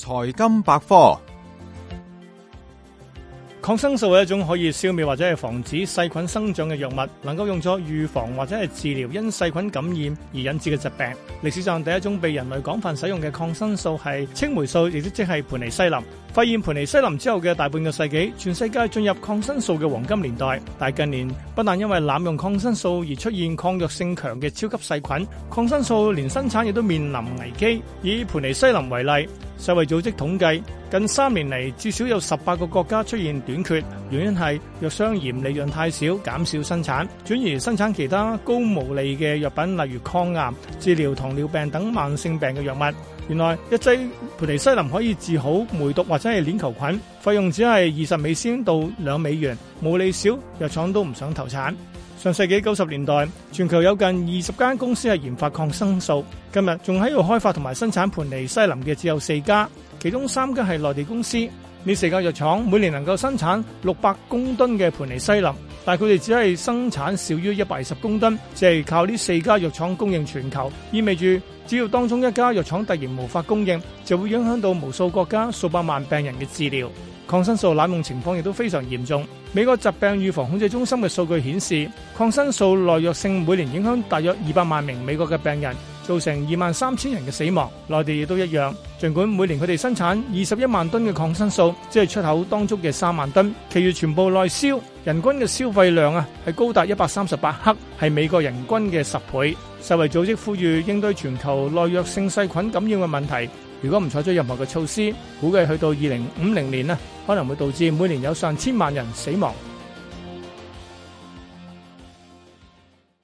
財金百科，抗生素係一種可以消滅或者係防止細菌生長嘅藥物，能夠用作預防或者係治療因細菌感染而引致嘅疾病。歷史上第一種被人類廣泛使用嘅抗生素係青黴素，亦都即係盤尼西林。發現盤尼西林之後嘅大半個世紀，全世界進入抗生素嘅黃金年代。但近年，不但因為濫用抗生素而出現抗藥性強嘅超級細菌，抗生素連生產亦都面臨危機。以盤尼西林為例。世衛組織統計近三年嚟，至少有十八個國家出現短缺。原因係藥商嫌利潤太少，減少生產，轉移生產其他高毛利嘅藥品，例如抗癌治療糖尿病等慢性病嘅藥物。原來一劑盤尼西林可以治好梅毒或者鏈球菌，費用只係二十美仙到兩美元，毛利少，藥廠都唔想投產。上世紀九十年代，全球有近二十間公司係研發抗生素。今日仲喺度開發同埋生產盤尼西林嘅只有四家，其中三家係內地公司。呢四家藥廠每年能夠生產六百公噸嘅盤尼西林，但佢哋只係生產少於一百二十公噸，就係靠呢四家藥廠供應全球。意味住，只要當中一家藥廠突然無法供應，就會影響到無數國家數百萬病人嘅治療。抗生素濫用情況亦都非常嚴重。美國疾病預防控制中心嘅數據顯示，抗生素耐藥性每年影響大約二百萬名美國嘅病人，造成二萬三千人嘅死亡。內地亦都一樣。盡管每年佢哋生產二十一萬噸嘅抗生素，只係出口當中嘅三萬噸，其餘全部內銷。人均嘅消費量啊，係高達一百三十八克，係美國人均嘅十倍。世衛組織呼籲應對全球耐藥性細菌感染嘅問題。如果唔採取任何嘅措施，估計去到二零五零年咧，可能會導致每年有上千萬人死亡。